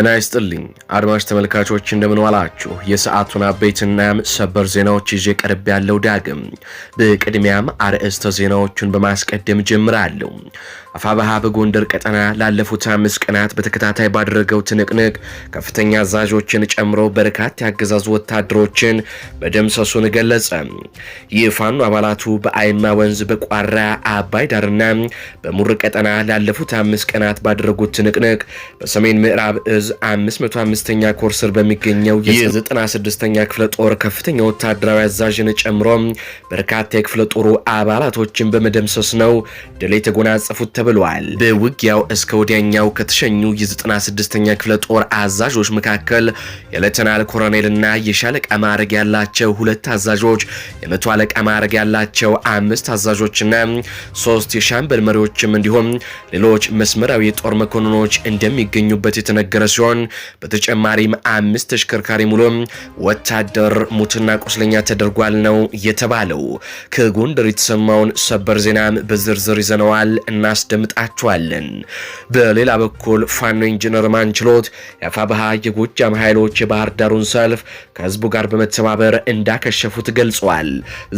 ጤና ይስጥልኝ አድማጭ ተመልካቾች እንደምን ዋላችሁ። የሰዓቱን አበይትና ሰበር ዜናዎች ይዤ ቀርብ ያለው ዳግም። በቅድሚያም አርዕስተ ዜናዎቹን በማስቀደም ጀምራለሁ። አፋበሃ በጎንደር ቀጠና ላለፉት አምስት ቀናት በተከታታይ ባደረገው ትንቅንቅ ከፍተኛ አዛዦችን ጨምሮ በርካታ ያገዛዙ ወታደሮችን መደምሰሱን ገለጸ። የፋኖ አባላቱ በአይማ ወንዝ፣ በቋራ አባይ ዳርና በሙር ቀጠና ላለፉት አምስት ቀናት ባደረጉት ትንቅንቅ በሰሜን ምዕራብ እዝ 55 ኛ ኮር ስር በሚገኘው የ96ኛ ክፍለ ጦር ከፍተኛ ወታደራዊ አዛዥን ጨምሮ በርካታ የክፍለ ጦሩ አባላቶችን በመደምሰስ ነው ድል የተጎናጸፉት። ተብሏል። በውጊያው እስከ ወዲያኛው ከተሸኙ የ96ኛ ክፍለ ጦር አዛዦች መካከል የሌተናል ኮሎኔልና የሻለቃ ማዕረግ ያላቸው ሁለት አዛዦች፣ የመቶ አለቃ ማዕረግ ያላቸው አምስት አዛዦችና ሶስት የሻምበል መሪዎችም እንዲሁም ሌሎች መስመራዊ የጦር መኮንኖች እንደሚገኙበት የተነገረ ሲሆን በተጨማሪም አምስት ተሽከርካሪ ሙሉ ወታደር ሙትና ቁስለኛ ተደርጓል ነው የተባለው። ከጎንደር የተሰማውን ሰበር ዜናም በዝርዝር ይዘነዋል እናስ እናስደምጣችኋለን። በሌላ በኩል ፋኖ ኢንጂነር ማንችሎት የአፋብሃ የጎጃም ኃይሎች የባህር ዳሩን ሰልፍ ከህዝቡ ጋር በመተባበር እንዳከሸፉት ገልጿል።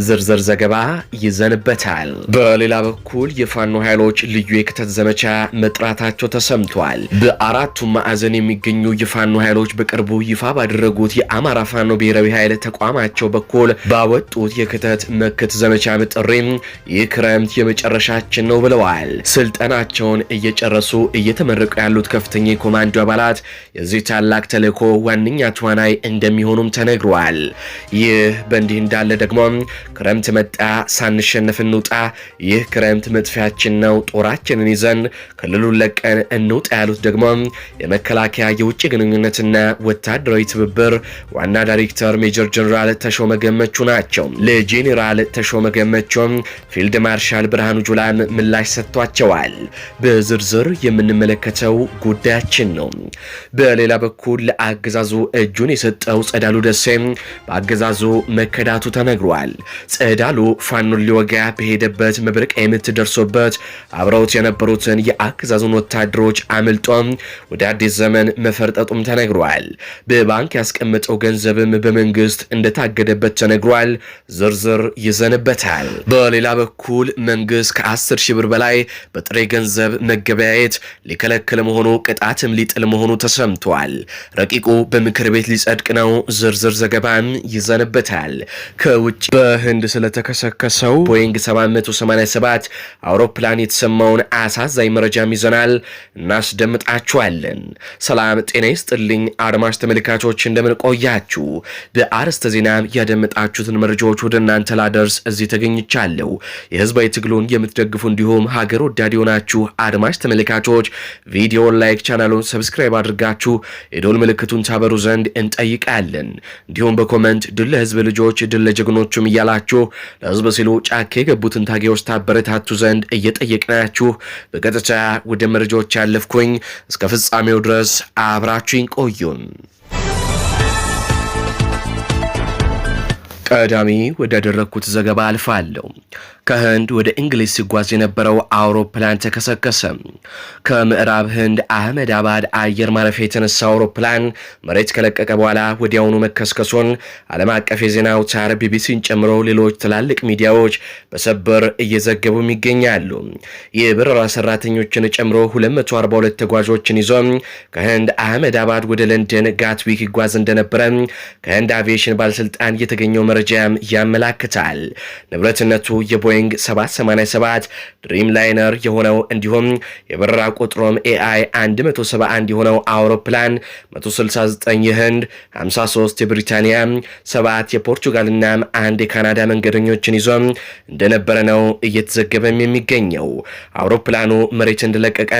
ዝርዝር ዘገባ ይዘንበታል። በሌላ በኩል የፋኖ ኃይሎች ልዩ የክተት ዘመቻ መጥራታቸው ተሰምቷል። በአራቱም ማዕዘን የሚገኙ የፋኖ ኃይሎች በቅርቡ ይፋ ባደረጉት የአማራ ፋኖ ብሔራዊ ኃይል ተቋማቸው በኩል ባወጡት የክተት መክት ዘመቻ ምጥሪም ይህ ክረምት የመጨረሻችን ነው ብለዋል። ስልጠናቸውን እየጨረሱ እየተመረቁ ያሉት ከፍተኛ የኮማንዶ አባላት የዚህ ታላቅ ተልኮ ዋነኛ ተዋናይ እንደሚሆኑም ተነግሯል። ይህ በእንዲህ እንዳለ ደግሞ ክረምት መጣ፣ ሳንሸነፍ እንውጣ፣ ይህ ክረምት መጥፊያችን ነው፣ ጦራችንን ይዘን ክልሉን ለቀን እንውጣ ያሉት ደግሞ የመከላከያ የውጭ ግንኙነትና ወታደራዊ ትብብር ዋና ዳይሬክተር ሜጀር ጀኔራል ተሾመ ገመቹ ናቸው። ለጄኔራል ተሾመ ገመቹ ፊልድ ማርሻል ብርሃኑ ጁላን ምላሽ ሰጥቷቸዋል። ተናግረዋል። በዝርዝር የምንመለከተው ጉዳያችን ነው። በሌላ በኩል ለአገዛዙ እጁን የሰጠው ጸዳሉ ደሴም በአገዛዙ መከዳቱ ተነግሯል። ጸዳሉ ፋኖን ሊወጋ በሄደበት መብረቅ ምት ደርሶበት አብረውት የነበሩትን የአገዛዙን ወታደሮች አምልጦም ወደ አዲስ ዘመን መፈርጠጡም ተነግሯል። በባንክ ያስቀመጠው ገንዘብም በመንግስት እንደታገደበት ተነግሯል። ዝርዝር ይዘንበታል። በሌላ በኩል መንግስት ከ10 ሺህ ብር በላይ በ በጥሬ ገንዘብ መገበያየት ሊከለክል መሆኑ ቅጣትም ሊጥል መሆኑ ተሰምቷል። ረቂቁ በምክር ቤት ሊጸድቅ ነው። ዝርዝር ዘገባም ይዘንበታል። ከውጭ በህንድ ስለተከሰከሰው ቦይንግ 787 አውሮፕላን የተሰማውን አሳዛኝ መረጃም ይዘናል፣ እናስደምጣችኋለን። ሰላም ጤና ይስጥልኝ አድማጭ ተመልካቾች፣ እንደምንቆያችሁ በአርስተ ዜና ያደመጣችሁትን መረጃዎች ወደ እናንተ ላደርስ እዚህ ተገኝቻለሁ። የህዝባዊ ትግሉን የምትደግፉ እንዲሁም ሀገር ወዳድ ዘመድ የሆናችሁ አድማጭ ተመልካቾች ቪዲዮን ላይክ፣ ቻናሉን ሰብስክራይብ አድርጋችሁ የዶል ምልክቱን ታበሩ ዘንድ እንጠይቃለን። እንዲሁም በኮመንት ድል ለህዝብ ልጆች ድል ለጀግኖቹም እያላችሁ ለህዝብ ሲሉ ጫካ የገቡትን ታጋዮች ታበረታቱ ዘንድ እየጠየቅናችሁ በቀጥታ ወደ መረጃዎች ያለፍኩኝ እስከ ፍጻሜው ድረስ አብራችሁኝ ቆዩን። ቀዳሚ ወዳደረግኩት ዘገባ አልፋለሁ። ከህንድ ወደ እንግሊዝ ሲጓዝ የነበረው አውሮፕላን ተከሰከሰ። ከምዕራብ ህንድ አህመድ አባድ አየር ማረፊያ የተነሳ አውሮፕላን መሬት ከለቀቀ በኋላ ወዲያውኑ መከስከሱን ዓለም አቀፍ የዜና አውታር ቢቢሲን ጨምሮ ሌሎች ትላልቅ ሚዲያዎች በሰበር እየዘገቡም ይገኛሉ። የበረራ ሰራተኞችን ጨምሮ 242 ተጓዦችን ይዞ ከህንድ አህመድ አባድ ወደ ለንደን ጋትዊክ ይጓዝ እንደነበረ ከህንድ አቪዬሽን ባለስልጣን የተገኘው መረ መረጃም ያመላክታል። ንብረትነቱ የቦይንግ 787 ድሪም ላይነር የሆነው እንዲሁም የበረራ ቁጥሮም ኤአይ 171 የሆነው አውሮፕላን 169 የህንድ፣ 53 የብሪታንያ፣ 7 የፖርቹጋልና አንድ የካናዳ መንገደኞችን ይዞ እንደነበረ ነው እየተዘገበም የሚገኘው። አውሮፕላኑ መሬት እንደለቀቀ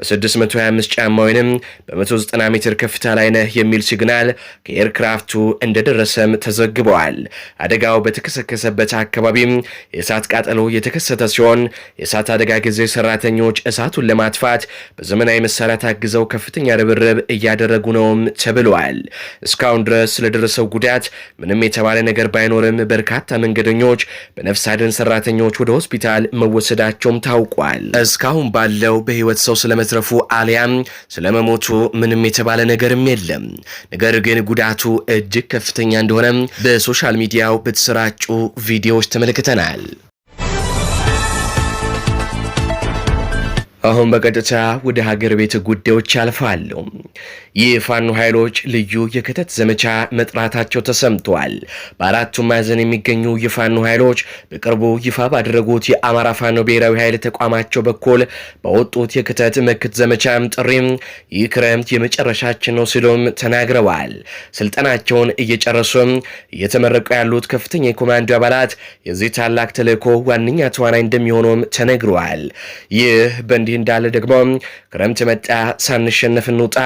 በ625 ጫማ ወይንም በ190 ሜትር ከፍታ ላይ ነህ የሚል ሲግናል ከኤርክራፍቱ እንደደረሰም ተዘግበዋል። አደጋው በተከሰከሰበት አካባቢም የእሳት ቃጠሎ የተከሰተ ሲሆን የእሳት አደጋ ጊዜ ሰራተኞች እሳቱን ለማጥፋት በዘመናዊ መሳሪያ ታግዘው ከፍተኛ ርብርብ እያደረጉ ነውም ተብለዋል። እስካሁን ድረስ ስለደረሰው ጉዳት ምንም የተባለ ነገር ባይኖርም በርካታ መንገደኞች በነፍስ አድን ሰራተኞች ወደ ሆስፒታል መወሰዳቸውም ታውቋል። እስካሁን ባለው በህይወት ሰው ስለመትረፉ አሊያም ስለመሞቱ ምንም የተባለ ነገርም የለም። ነገር ግን ጉዳቱ እጅግ ከፍተኛ እንደሆነ በሶሻል ሚዲያ ሚዲያው በተሰራጩ ቪዲዮዎች ተመልክተናል። አሁን በቀጥታ ወደ ሀገር ቤት ጉዳዮች አልፋለሁ። የፋኖ ኃይሎች ልዩ የክተት ዘመቻ መጥራታቸው ተሰምተዋል። በአራቱም ማዕዘን የሚገኙ የፋኖ ኃይሎች በቅርቡ ይፋ ባደረጉት የአማራ ፋኖ ብሔራዊ ኃይል ተቋማቸው በኩል በወጡት የክተት ምክት ዘመቻም ጥሪም ይህ ክረምት የመጨረሻችን ነው ሲሉም ተናግረዋል። ስልጠናቸውን እየጨረሱም እየተመረቁ ያሉት ከፍተኛ የኮማንዶ አባላት የዚህ ታላቅ ተልዕኮ ዋነኛ ተዋናይ እንደሚሆኑም ተነግረዋል። ይህ በእንዲህ እንዲህ እንዳለ ደግሞ ክረምት መጣ፣ ሳንሸነፍ እንውጣ፣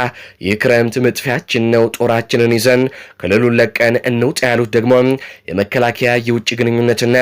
ይህ ክረምት መጥፊያችን ነው፣ ጦራችንን ይዘን ክልሉን ለቀን እንውጣ ያሉት ደግሞ የመከላከያ የውጭ ግንኙነትና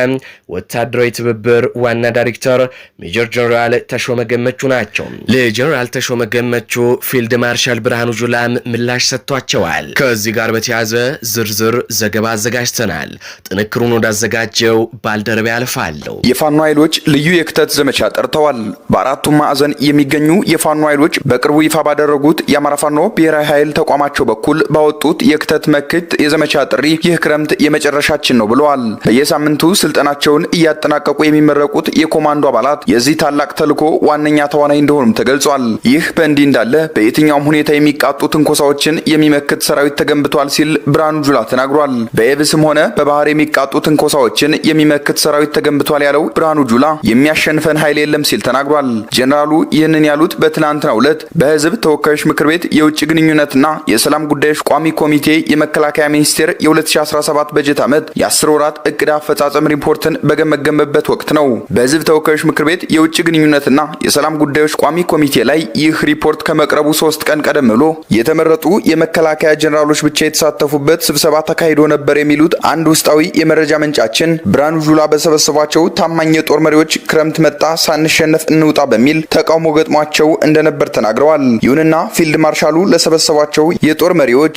ወታደራዊ ትብብር ዋና ዳይሬክተር ሜጀር ጀኔራል ተሾመ ገመቹ ናቸው። ለጀኔራል ተሾመ ገመቹ ፊልድ ማርሻል ብርሃኑ ጁላም ምላሽ ሰጥቷቸዋል። ከዚህ ጋር በተያያዘ ዝርዝር ዘገባ አዘጋጅተናል። ጥንክሩን ወዳዘጋጀው ባልደረባ ያልፋለሁ። የፋኖ ኃይሎች ልዩ የክተት ዘመቻ ጠርተዋል። በአራቱም ማዕዘን የሚገኙ የፋኖ ኃይሎች በቅርቡ ይፋ ባደረጉት የአማራ ፋኖ ብሔራዊ ኃይል ተቋማቸው በኩል ባወጡት የክተት መክት የዘመቻ ጥሪ ይህ ክረምት የመጨረሻችን ነው ብለዋል። በየሳምንቱ ስልጠናቸውን እያጠናቀቁ የሚመረቁት የኮማንዶ አባላት የዚህ ታላቅ ተልዕኮ ዋነኛ ተዋናይ እንደሆኑም ተገልጿል። ይህ በእንዲህ እንዳለ በየትኛውም ሁኔታ የሚቃጡ ትንኮሳዎችን የሚመክት ሰራዊት ተገንብቷል ሲል ብርሃኑ ጁላ ተናግሯል። በየብስም ሆነ በባህር የሚቃጡ ትንኮሳዎችን የሚመክት ሰራዊት ተገንብቷል ያለው ብርሃኑ ጁላ የሚያሸንፈን ኃይል የለም ሲል ተናግሯል። ጀነራል ጄኔራሉ ይህንን ያሉት በትናንትናው ዕለት በህዝብ ተወካዮች ምክር ቤት የውጭ ግንኙነትና የሰላም ጉዳዮች ቋሚ ኮሚቴ የመከላከያ ሚኒስቴር የ2017 በጀት ዓመት የ10 ወራት እቅድ አፈጻጸም ሪፖርትን በገመገመበት ወቅት ነው። በህዝብ ተወካዮች ምክር ቤት የውጭ ግንኙነትና የሰላም ጉዳዮች ቋሚ ኮሚቴ ላይ ይህ ሪፖርት ከመቅረቡ ሶስት ቀን ቀደም ብሎ የተመረጡ የመከላከያ ጄኔራሎች ብቻ የተሳተፉበት ስብሰባ ተካሂዶ ነበር የሚሉት አንድ ውስጣዊ የመረጃ ምንጫችን ብርሃኑ ጁላ በሰበሰቧቸው ታማኝ የጦር መሪዎች ክረምት መጣ ሳንሸነፍ እንውጣ በሚል ተቃውሞ ገጥሟቸው እንደነበር ተናግረዋል። ይሁንና ፊልድ ማርሻሉ ለሰበሰቧቸው የጦር መሪዎች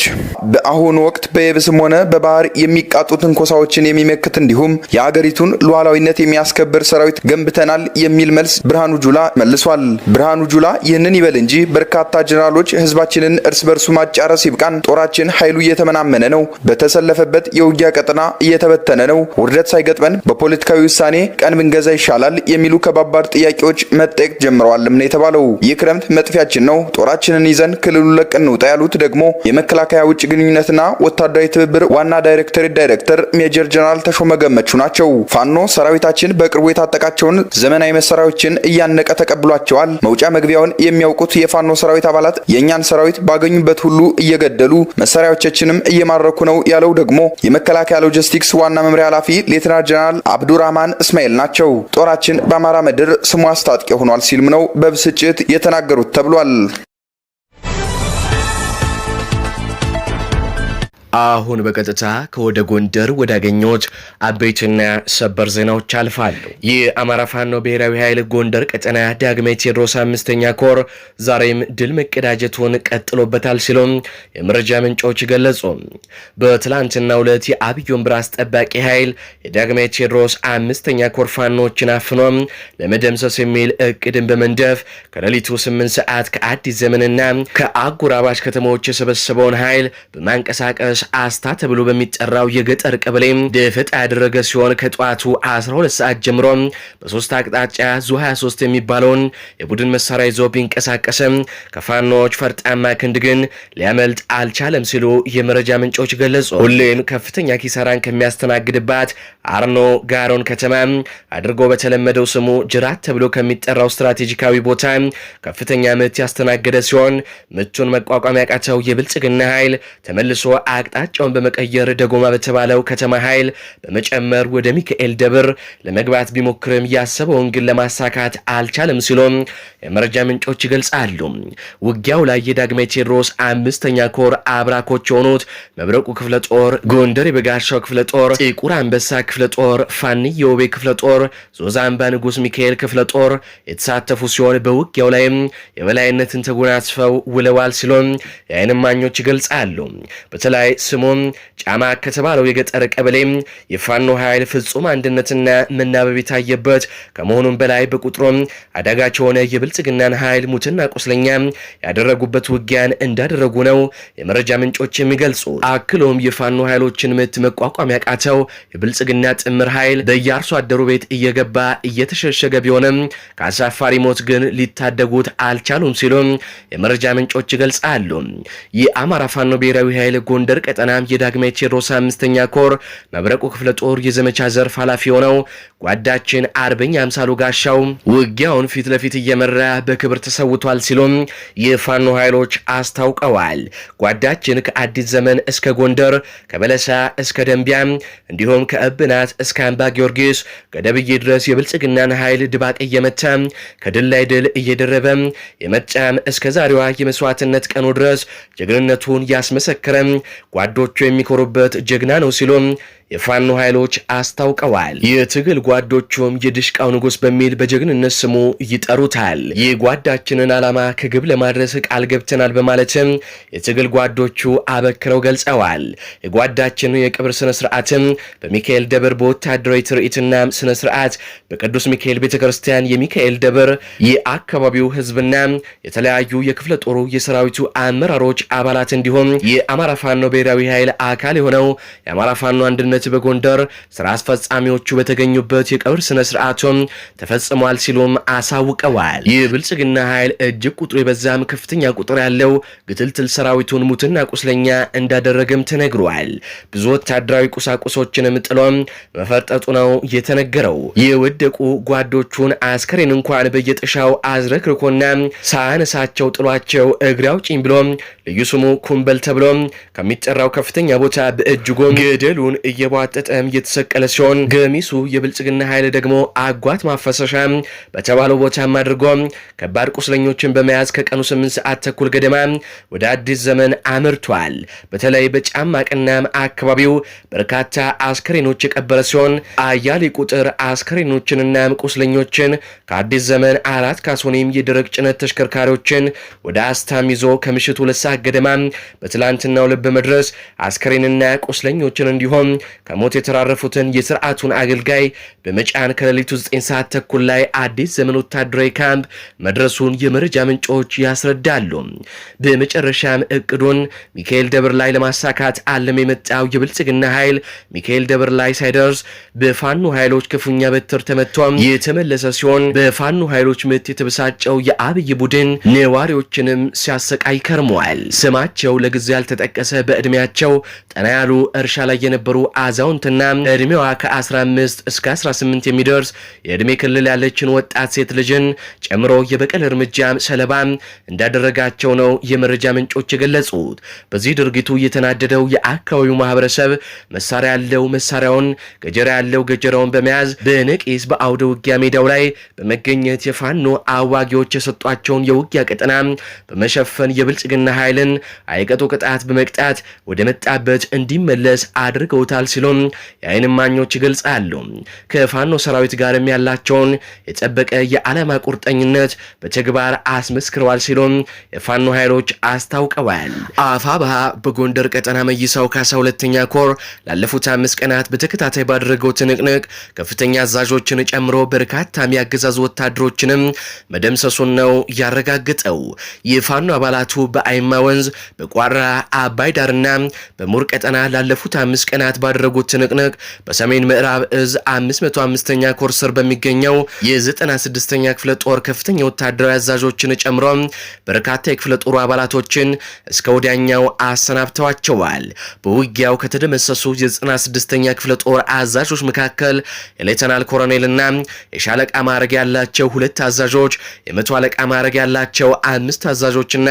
በአሁኑ ወቅት በየብስም ሆነ በባህር የሚቃጡ ትንኮሳዎችን የሚመክት እንዲሁም የአገሪቱን ሉዓላዊነት የሚያስከብር ሰራዊት ገንብተናል የሚል መልስ ብርሃኑ ጁላ መልሷል። ብርሃኑ ጁላ ይህንን ይበል እንጂ በርካታ ጀነራሎች ህዝባችንን እርስ በርሱ ማጫረስ ይብቃን፣ ጦራችን ኃይሉ እየተመናመነ ነው፣ በተሰለፈበት የውጊያ ቀጠና እየተበተነ ነው፣ ውርደት ሳይገጥመን በፖለቲካዊ ውሳኔ ቀን ብንገዛ ይሻላል የሚሉ ከባባድ ጥያቄዎች መጠየቅ ጀምረዋል። ተፈጥረዋልም ነው የተባለው። ይህ ክረምት መጥፊያችን ነው፣ ጦራችንን ይዘን ክልሉ ለቀን እንውጣ ያሉት ደግሞ የመከላከያ ውጭ ግንኙነትና ወታደራዊ ትብብር ዋና ዳይሬክተር ዳይሬክተር ሜጀር ጀነራል ተሾመ ገመቹ ናቸው። ፋኖ ሰራዊታችን በቅርቡ የታጠቃቸውን ዘመናዊ መሳሪያዎችን እያነቀ ተቀብሏቸዋል። መውጫ መግቢያውን የሚያውቁት የፋኖ ሰራዊት አባላት የእኛን ሰራዊት ባገኙበት ሁሉ እየገደሉ መሳሪያዎቻችንም እየማረኩ ነው ያለው ደግሞ የመከላከያ ሎጂስቲክስ ዋና መምሪያ ኃላፊ ሌተና ጀነራል አብዱራህማን እስማኤል ናቸው። ጦራችን በአማራ ምድር ስሙ አስታጥቂ ሆኗል ሲልም ነው ነው በብስጭት የተናገሩት ተብሏል። አሁን በቀጥታ ከወደ ጎንደር ወዳገኘሁት አበይትና ሰበር ዜናዎች አልፋሉ። አማራ ፋኖ ብሔራዊ ኃይል ጎንደር ቀጠና ዳግመ ቴዎድሮስ አምስተኛ ኮር ዛሬም ድል መቀዳጀቱን ቀጥሎበታል ሲሉም የመረጃ ምንጮች ገለጹ። በትላንትና ሁለት የአብዮን ብራስ ጠባቂ ኃይል የዳግመ ቴዎድሮስ አምስተኛ ኮር ፋኖችን አፍኖም ለመደምሰስ የሚል እቅድን በመንደፍ ከሌሊቱ ስምንት ሰዓት ከአዲስ ዘመንና ከአጎራባች ከተሞች የሰበሰበውን ኃይል በማንቀሳቀስ አስታ ተብሎ በሚጠራው የገጠር ቀበሌ ደፈጣ ያደረገ ሲሆን ከጠዋቱ 12 ሰዓት ጀምሮ በሶስት አቅጣጫ ዙ 23 የሚባለውን የቡድን መሳሪያ ይዞ ቢንቀሳቀስም ከፋኖች ፈርጣማ ክንድ ግን ሊያመልጥ አልቻለም ሲሉ የመረጃ ምንጮች ገለጹ። ሁሌም ከፍተኛ ኪሳራን ከሚያስተናግድባት አርኖ ጋሮን ከተማ አድርጎ በተለመደው ስሙ ጅራት ተብሎ ከሚጠራው ስትራቴጂካዊ ቦታ ከፍተኛ ምት ያስተናገደ ሲሆን ምቱን መቋቋም ያቃተው የብልጽግና ኃይል ተመልሶ አቅጣጫውን በመቀየር ደጎማ በተባለው ከተማ ኃይል በመጨመር ወደ ሚካኤል ደብር ለመግባት ቢሞክርም ያሰበውን ግን ለማሳካት አልቻለም ሲሉ የመረጃ ምንጮች ይገልጻሉ። ውጊያው ላይ የዳግማዊ ቴዎድሮስ አምስተኛ ኮር አብራኮች የሆኑት መብረቁ ክፍለ ጦር፣ ጎንደር የበጋሻው ክፍለ ጦር፣ ጥቁር አንበሳ ክፍለ ክፍለ ጦር፣ ፋኒ የወቤ ክፍለ ጦር፣ ዞዛምባ ንጉስ ሚካኤል ክፍለ ጦር የተሳተፉ ሲሆን በውጊያው ላይም የበላይነትን ተጎናጽፈው ውለዋል ሲሎም የዓይን እማኞች ይገልጻሉ። በተለይ ስሙም ጫማ ከተባለው የገጠር ቀበሌ የፋኖ ኃይል ፍጹም አንድነትና መናበብ የታየበት ከመሆኑም በላይ በቁጥሩም አዳጋች የሆነ የብልጽግናን ኃይል ሙትና ቁስለኛ ያደረጉበት ውጊያን እንዳደረጉ ነው የመረጃ ምንጮች የሚገልጹ። አክሎም የፋኖ ኃይሎችን ምት መቋቋም ያቃተው የብልጽግና ጥምር ኃይል በየአርሶ አደሩ ቤት እየገባ እየተሸሸገ ቢሆንም ከአሳፋሪ ሞት ግን ሊታደጉት አልቻሉም ሲሉ የመረጃ ምንጮች ይገልጻሉ። የአማራ ፋኖ ብሔራዊ ኃይል ጎንደር ቀጠና የዳግማዊ ቴዎድሮስ አምስተኛ ኮር መብረቁ ክፍለ ጦር የዘመቻ ዘርፍ ኃላፊ የሆነው ጓዳችን አርበኛ አምሳሉ ጋሻው ውጊያውን ፊት ለፊት እየመራ በክብር ተሰውቷል ሲሉም የፋኖ ኃይሎች አስታውቀዋል። ጓዳችን ከአዲስ ዘመን እስከ ጎንደር ከበለሳ እስከ ደንቢያ እንዲሁም ከእብና በመነሳት እስከ አምባ ጊዮርጊስ ገደብዬ ድረስ የብልጽግናን ኃይል ድባቅ እየመታ ከድል ላይ ድል እየደረበ የመጫም እስከ ዛሬዋ የመስዋዕትነት ቀኑ ድረስ ጀግንነቱን ያስመሰከረ ጓዶቹ የሚኮሩበት ጀግና ነው ሲሉ የፋኖ ኃይሎች አስታውቀዋል። የትግል ጓዶቹም የድሽቃው ንጉሥ በሚል በጀግንነት ስሙ ይጠሩታል። ይህ ጓዳችንን ዓላማ ከግብ ለማድረስ ቃል ገብተናል በማለትም የትግል ጓዶቹ አበክረው ገልጸዋል። የጓዳችንን የቅብር ስነ ስርዓትም በሚካኤል ደብር በወታደራዊ ትርኢትና ስነ ስርዓት በቅዱስ ሚካኤል ቤተ ክርስቲያን የሚካኤል ደብር የአካባቢው ህዝብና የተለያዩ የክፍለ ጦሩ የሰራዊቱ አመራሮች አባላት እንዲሁም የአማራ ፋኖ ብሔራዊ ኃይል አካል የሆነው የአማራ ፋኖ አንድነት በጎንደር ስራ አስፈጻሚዎቹ በተገኙበት የቀብር ስነ ስርዓቱም ተፈጽሟል ሲሉም አሳውቀዋል። የብልጽግና ኃይል እጅግ ቁጥሩ የበዛም ከፍተኛ ቁጥር ያለው ግትልትል ሰራዊቱን ሙትና ቁስለኛ እንዳደረገም ተነግሯል። ብዙ ወታደራዊ ቁሳቁሶችንም ጥሎም መፈርጠጡ ነው የተነገረው። የወደቁ ጓዶቹን አስከሬን እንኳን በየጥሻው አዝረክርኮና ሳያነሳቸው ጥሏቸው እግሬ አውጪኝ ብሎ ልዩ ስሙ ኩምበል ተብሎ ከሚጠራው ከፍተኛ ቦታ በእጅጎ ገደሉን እየቧጠጠም እየተሰቀለ ሲሆን ገሚሱ የብልጽግና ኃይል ደግሞ አጓት ማፈሰሻ በተባለው ቦታም አድርጎ ከባድ ቁስለኞችን በመያዝ ከቀኑ ስምንት ሰዓት ተኩል ገደማ ወደ አዲስ ዘመን አምርቷል። በተለይ በጫማ ቅናም አካባቢው በርካታ አስከሬኖች የተቀበረ ሲሆን አያሌ ቁጥር አስከሬኖችንና ቁስለኞችን ከአዲስ ዘመን አራት ካሶኔም የደረቅ ጭነት ተሽከርካሪዎችን ወደ አስታም ይዞ ከምሽቱ ሁለት ሰዓት ገደማ በትላንትናው ልብ መድረስ አስከሬንና ቁስለኞችን እንዲሁም ከሞት የተራረፉትን የስርዓቱን አገልጋይ በመጫን ከሌሊቱ 9 ሰዓት ተኩል ላይ አዲስ ዘመን ወታደራዊ ካምፕ መድረሱን የመረጃ ምንጮች ያስረዳሉ። በመጨረሻም እቅዱን ሚካኤል ደብር ላይ ለማሳካት አለም የመጣው የብልጽግና ኃይል ሚካኤል ደብር ላይ ሳይደርስ በፋኖ ኃይሎች ክፉኛ በትር ተመቷም የተመለሰ ሲሆን በፋኖ ኃይሎች ምት የተበሳጨው የአብይ ቡድን ነዋሪዎችንም ሲያሰቃይ ከርመዋል። ስማቸው ለጊዜ ያልተጠቀሰ በእድሜያቸው ጠና ያሉ እርሻ ላይ የነበሩ አዛውንትና እድሜዋ ከ15 እስከ 18 የሚደርስ የእድሜ ክልል ያለችን ወጣት ሴት ልጅን ጨምሮ የበቀል እርምጃ ሰለባ እንዳደረጋቸው ነው የመረጃ ምንጮች የገለጹት። በዚህ ድርጊቱ የተናደደው የአካባቢው ማህበረሰብ መሳሪያ ያለው መሳሪያውን ገጀራ ያለው ገጀራውን በመያዝ በነቂስ በአውደ ውጊያ ሜዳው ላይ በመገኘት የፋኖ አዋጊዎች የሰጧቸውን የውጊያ ቀጠና በመሸፈን የብልጽግና ኃይልን አይቀጡ ቅጣት በመቅጣት ወደ መጣበት እንዲመለስ አድርገውታል ሲሉም የአይን እማኞች ይገልጻሉ። ከፋኖ ሰራዊት ጋርም ያላቸውን የጠበቀ የዓላማ ቁርጠኝነት በተግባር አስመስክረዋል ሲሉም የፋኖ ኃይሎች አስታውቀዋል። አፋ በጎንደር ቀጠና መይሳው ካሳ ሁለተኛ ኮር ላለፉት አምስት ቀናት በተከታ በተከታታይ ባደረገው ትንቅንቅ ከፍተኛ አዛዦችን ጨምሮ በርካታ የሚያገዛዙ ወታደሮችንም መደምሰሱን ነው ያረጋግጠው። የፋኖ አባላቱ በአይማ ወንዝ፣ በቋራ አባይ ዳርና በሙር ቀጠና ላለፉት አምስት ቀናት ባደረጉት ትንቅንቅ በሰሜን ምዕራብ እዝ 55 ኛ ኮር ስር በሚገኘው የ96ኛ ክፍለ ጦር ከፍተኛ ወታደራዊ አዛዦችን ጨምሮ በርካታ የክፍለ ጦሩ አባላቶችን እስከ ወዲያኛው አሰናብተዋቸዋል። በውጊያው ከተደመሰሱ የ96ኛ ክፍለ ጦር ኮር አዛዦች መካከል የሌተናል ኮሎኔልና የሻለቃ ማዕረግ ያላቸው ሁለት አዛዦች፣ የመቶ አለቃ ማዕረግ ያላቸው አምስት አዛዦችና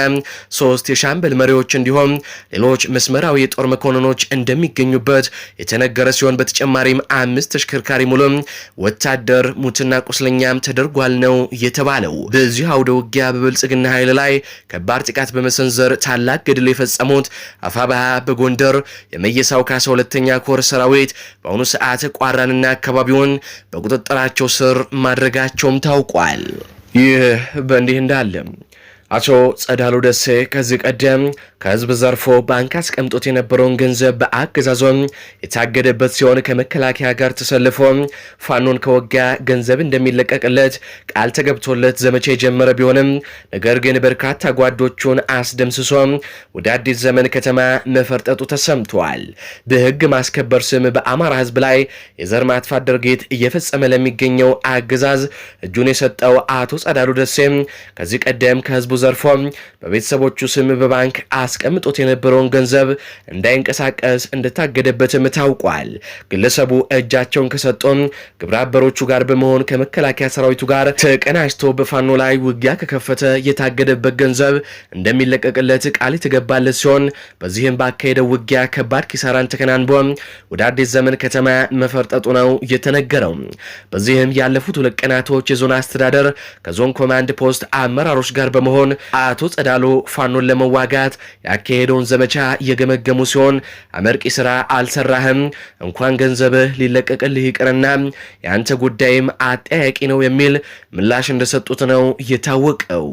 ሶስት የሻምበል መሪዎች እንዲሁም ሌሎች መስመራዊ የጦር መኮንኖች እንደሚገኙበት የተነገረ ሲሆን በተጨማሪም አምስት ተሽከርካሪ ሙሉም ወታደር ሙትና ቁስለኛም ተደርጓል ነው የተባለው። በዚህ አውደ ውጊያ በብልጽግና ኃይል ላይ ከባድ ጥቃት በመሰንዘር ታላቅ ገድል የፈጸሙት አፋባሃ በጎንደር የመየሳው ካሳ ሁለተኛ ኮር ሰራዊት በአሁኑ በአሁኑ ሰዓት ቋራንና አካባቢውን በቁጥጥራቸው ስር ማድረጋቸውም ታውቋል። ይህ በእንዲህ እንዳለም አቶ ጸዳሉ ደሴ ከዚህ ቀደም ከህዝብ ዘርፎ ባንክ አስቀምጦት የነበረውን ገንዘብ በአገዛዞም የታገደበት ሲሆን ከመከላከያ ጋር ተሰልፎ ፋኖን ከወጋ ገንዘብ እንደሚለቀቅለት ቃል ተገብቶለት ዘመቻ የጀመረ ቢሆንም ነገር ግን በርካታ ጓዶቹን አስደምስሶ ወደ አዲስ ዘመን ከተማ መፈርጠጡ ተሰምቷል። በህግ ማስከበር ስም በአማራ ህዝብ ላይ የዘር ማጥፋት ድርጊት እየፈጸመ ለሚገኘው አገዛዝ እጁን የሰጠው አቶ ጸዳሉ ደሴ ከዚህ ቀደም ከህዝቡ ዘርፎ በቤተሰቦቹ ስም በባንክ አስቀምጦት የነበረውን ገንዘብ እንዳይንቀሳቀስ እንደታገደበትም ታውቋል። ግለሰቡ እጃቸውን ከሰጡም ግብረ አበሮቹ ጋር በመሆን ከመከላከያ ሰራዊቱ ጋር ተቀናጅቶ በፋኖ ላይ ውጊያ ከከፈተ የታገደበት ገንዘብ እንደሚለቀቅለት ቃል የተገባለት ሲሆን በዚህም ባካሄደው ውጊያ ከባድ ኪሳራን ተከናንቦ ወደ አዲስ ዘመን ከተማ መፈርጠጡ ነው የተነገረው። በዚህም ያለፉት ሁለት ቀናቶች የዞን አስተዳደር ከዞን ኮማንድ ፖስት አመራሮች ጋር በመሆን ሲሆን አቶ ጸዳሎ ፋኖን ለመዋጋት ያካሄደውን ዘመቻ እየገመገሙ ሲሆን አመርቂ ስራ አልሰራህም፣ እንኳን ገንዘብህ ሊለቀቅልህ ይቅርና የአንተ ጉዳይም አጠያቂ ነው የሚል ምላሽ እንደሰጡት ነው የታወቀው።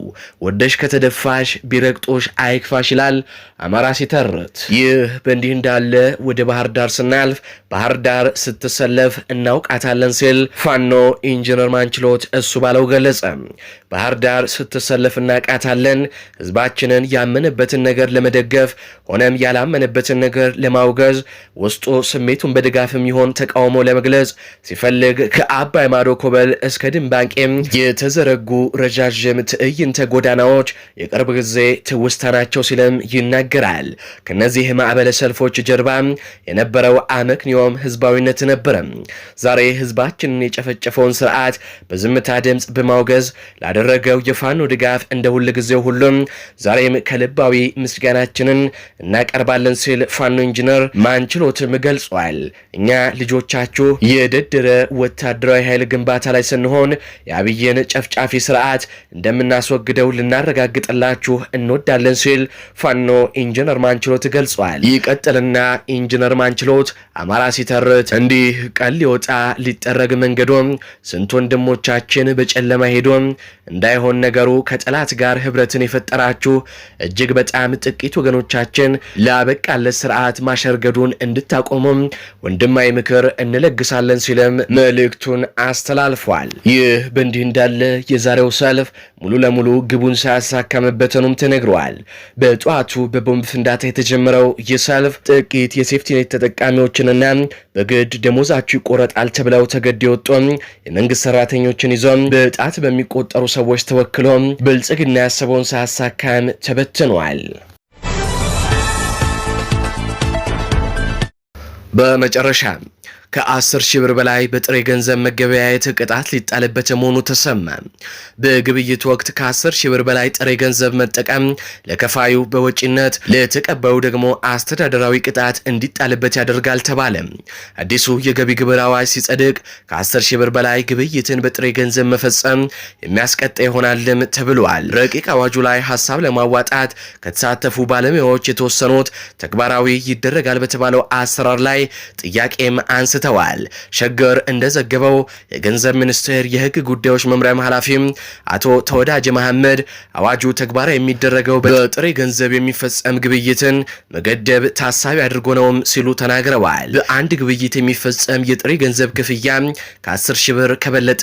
ወደሽ ከተደፋሽ ቢረግጦሽ አይክፋሽ ይላል አማራ ሲተርት። ይህ በእንዲህ እንዳለ ወደ ባህር ዳር ስናልፍ ባህር ዳር ስትሰለፍ እናውቃታለን ሲል ፋኖ ኢንጂነር ማንችሎት እሱ ባለው ገለጸ። ባህር ዳር ስትሰለፍ እናቃት ብቃት አለን። ህዝባችንን ያመነበትን ነገር ለመደገፍ ሆነም ያላመነበትን ነገር ለማውገዝ ውስጡ ስሜቱን በድጋፍም ይሆን ተቃውሞ ለመግለጽ ሲፈልግ ከአባይ ማዶ ኮበል እስከ ድንባንቄም የተዘረጉ ረዣዥም ትዕይንተ ጎዳናዎች የቅርብ ጊዜ ትውስታ ናቸው ሲልም ይናገራል። ከነዚህ ማዕበለ ሰልፎች ጀርባ የነበረው አመክንዮም ህዝባዊነት ነበረ። ዛሬ ህዝባችንን የጨፈጨፈውን ስርዓት በዝምታ ድምፅ በማውገዝ ላደረገው የፋኖ ድጋፍ እንደ ሁል ጊዜ ሁሉም ዛሬም ከልባዊ ምስጋናችንን እናቀርባለን ሲል ፋኖ ኢንጂነር ማንችሎትም ገልጿል። እኛ ልጆቻችሁ የደደረ ወታደራዊ ኃይል ግንባታ ላይ ስንሆን የአብይን ጨፍጫፊ ስርዓት እንደምናስወግደው ልናረጋግጥላችሁ እንወዳለን ሲል ፋኖ ኢንጂነር ማንችሎት ገልጿል። ይቀጥልና ኢንጂነር ማንችሎት አማራ ሲተርት እንዲህ ቀን ሊወጣ ሊጠረግ መንገዶም ስንት ወንድሞቻችን በጨለማ ሄዶም እንዳይሆን ነገሩ ከጠላት ጋር ህብረትን የፈጠራችሁ እጅግ በጣም ጥቂት ወገኖቻችን ለአበቃለት ስርዓት ማሸርገዱን እንድታቆሙም ወንድማዊ ምክር እንለግሳለን ሲልም መልእክቱን አስተላልፏል። ይህ በእንዲህ እንዳለ የዛሬው ሰልፍ ሙሉ ለሙሉ ግቡን ሳያሳካመበተኑም ተነግረዋል። በጠዋቱ በቦምብ ፍንዳታ የተጀመረው ይህ ሰልፍ ጥቂት የሴፍቲኔት ተጠቃሚዎችንና በግድ ደሞዛችሁ ይቆረጣል ተብለው ተገድ የወጡ የመንግስት ሰራተኞችን ይዞ በጣት በሚቆጠሩ ሰዎች ተወክሎ ብልጽግና ያሰበውን ሳያሳካም ተበትኗል። በመጨረሻም ከ10 ሺህ ብር በላይ በጥሬ ገንዘብ መገበያየት ቅጣት ሊጣልበት መሆኑ ተሰማ። በግብይት ወቅት ከ10 ሺህ ብር በላይ ጥሬ ገንዘብ መጠቀም ለከፋዩ በወጪነት ለተቀባዩ ደግሞ አስተዳደራዊ ቅጣት እንዲጣልበት ያደርጋል ተባለ። አዲሱ የገቢ ግብር አዋጅ ሲጸድቅ ከ10 ሺህ ብር በላይ ግብይትን በጥሬ ገንዘብ መፈጸም የሚያስቀጣ ይሆናልም ተብሏል። ረቂቅ አዋጁ ላይ ሀሳብ ለማዋጣት ከተሳተፉ ባለሙያዎች የተወሰኑት ተግባራዊ ይደረጋል በተባለው አሰራር ላይ ጥያቄም አንስ አስረድተዋል። ሸገር እንደዘገበው የገንዘብ ሚኒስቴር የህግ ጉዳዮች መምሪያ ኃላፊም አቶ ተወዳጅ መሐመድ አዋጁ ተግባራዊ የሚደረገው በጥሬ ገንዘብ የሚፈጸም ግብይትን መገደብ ታሳቢ አድርጎ ነውም ሲሉ ተናግረዋል። በአንድ ግብይት የሚፈጸም የጥሬ ገንዘብ ክፍያ ከ10 ሺህ ብር ከበለጠ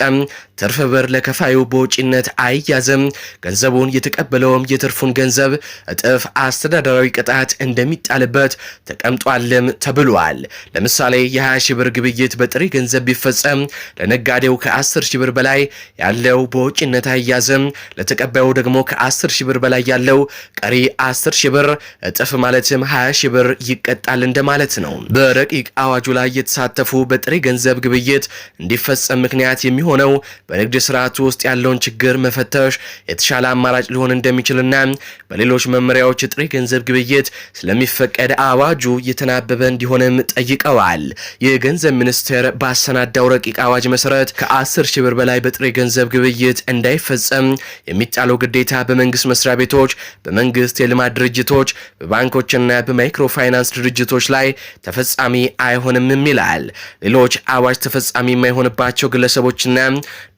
ትርፍ ብር ለከፋዩ በወጪነት አይያዝም። ገንዘቡን የተቀበለውም የትርፉን ገንዘብ እጥፍ አስተዳደራዊ ቅጣት እንደሚጣልበት ተቀምጧልም ተብሏል። ለምሳሌ የ20 ሺህ ብር ግብይት በጥሬ ገንዘብ ቢፈጸም ለነጋዴው ከ10 ሺ ብር በላይ ያለው በወጪነት አይያዝም። ለተቀባዩ ደግሞ ከ10 ሺ ብር በላይ ያለው ቀሪ 10 ሺህ ብር እጥፍ ማለትም 20 ሺ ብር ይቀጣል እንደማለት ነው። በረቂቅ አዋጁ ላይ የተሳተፉ በጥሬ ገንዘብ ግብይት እንዲፈጸም ምክንያት የሚሆነው በንግድ ስርዓቱ ውስጥ ያለውን ችግር መፈተሽ የተሻለ አማራጭ ሊሆን እንደሚችልና በሌሎች መመሪያዎች የጥሬ ገንዘብ ግብይት ስለሚፈቀድ አዋጁ የተናበበ እንዲሆንም ጠይቀዋል። የገንዘብ ሚኒስቴር ባሰናዳው ረቂቅ አዋጅ መሰረት ከ10 ሺህ ብር በላይ በጥሬ ገንዘብ ግብይት እንዳይፈጸም የሚጣለው ግዴታ በመንግስት መስሪያ ቤቶች፣ በመንግስት የልማት ድርጅቶች፣ በባንኮችና በማይክሮ ፋይናንስ ድርጅቶች ላይ ተፈጻሚ አይሆንም ይላል። ሌሎች አዋጅ ተፈጻሚ የማይሆንባቸው ግለሰቦችና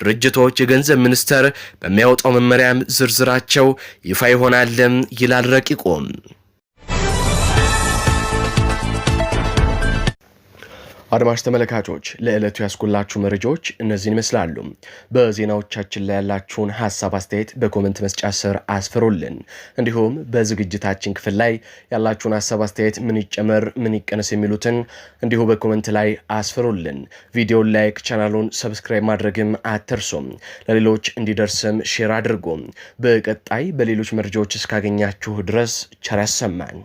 ድርጅቶች የገንዘብ ሚኒስቴር በሚያወጣው መመሪያም ዝርዝራቸው ይፋ ይሆናልም ይላል ረቂቁ። አድማሽ ተመልካቾች ለዕለቱ ያስኩላችሁ መረጃዎች እነዚህን ይመስላሉ። በዜናዎቻችን ላይ ያላችሁን ሀሳብ አስተያየት በኮመንት መስጫ ስር አስፍሩልን። እንዲሁም በዝግጅታችን ክፍል ላይ ያላችሁን ሀሳብ አስተያየት፣ ምን ይጨመር፣ ምን ይቀነስ የሚሉትን እንዲሁ በኮመንት ላይ አስፍሩልን። ቪዲዮን ላይክ፣ ቻናሉን ሰብስክራይብ ማድረግም አትርሱም። ለሌሎች እንዲደርስም ሼር አድርጎ በቀጣይ በሌሎች መረጃዎች እስካገኛችሁ ድረስ ቸር ያሰማን።